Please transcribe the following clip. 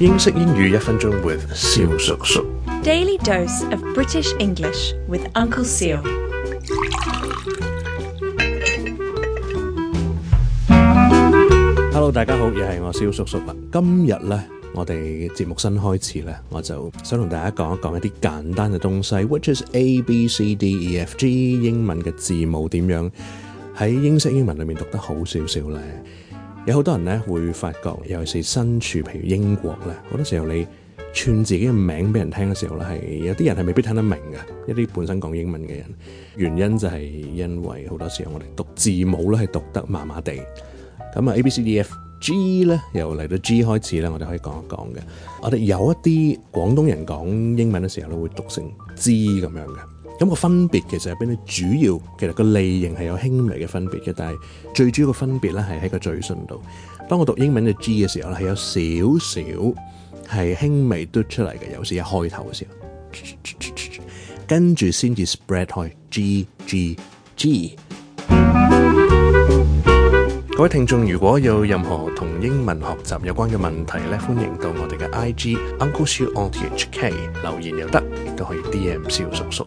英式英語一分鐘 with 蕭叔叔。Daily dose of British English with Uncle Siu. Hello，大家好，又係我蕭叔叔啦。今日呢，我哋節目新開始呢，我就想同大家講一講一啲簡單嘅東西，which is A B C D E F G，英文嘅字母點樣喺英式英文裏面讀得好少少咧。有好多人咧，會發覺，尤其是身處譬如英國咧，好多時候你串自己嘅名俾人聽嘅時候咧，係有啲人係未必聽得明嘅。一啲本身講英文嘅人，原因就係因為好多時候我哋讀字母咧係讀得麻麻地。咁啊，A B C D F G 咧，由嚟到 G 開始咧，我哋可以講一講嘅。我哋有一啲廣東人講英文嘅時候咧，會讀成 G 咁樣嘅。咁個分別其實係邊啲？主要其實個類型係有輕微嘅分別嘅，但係最主要嘅分別咧係喺個嘴唇度。當我讀英文嘅 G 嘅時候咧，係有少少係輕微嘟出嚟嘅，有時一開頭嘅時候，跟住先至 spread 開 G G G。各位聽眾如果有任何同英文學習有關嘅問題咧，歡迎到我哋嘅 IG Uncle Siu On The HK 留言又得，亦都可以，以 DM 小叔叔。